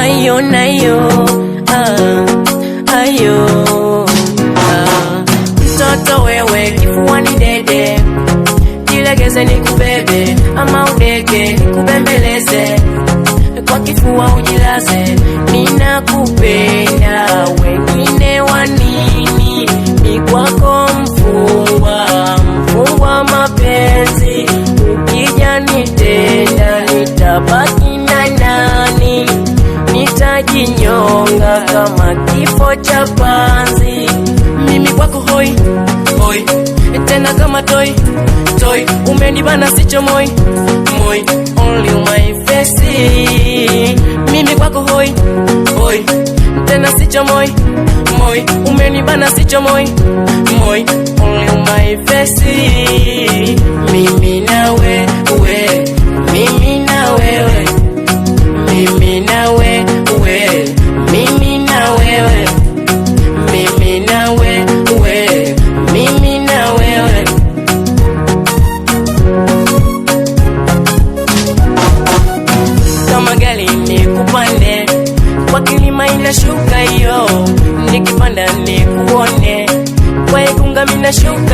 ayo nayo ayo mtoto wewe kifuani dede jilegeze kubebe ama udege nikubembeleze kwa kifua ujilaze ninakupenda najinyonga kama kifo cha panzi. Mimi kwako hoi hoi, tena kama toi toi, umenibana sicho moi moi, only my face. Mimi kwako hoi hoi, tena sicho moi moi, umenibana sicho moi moi, only my face. Mimi nawe minashuka hiyo, nikipanda nikuone, wewe gunga minashuka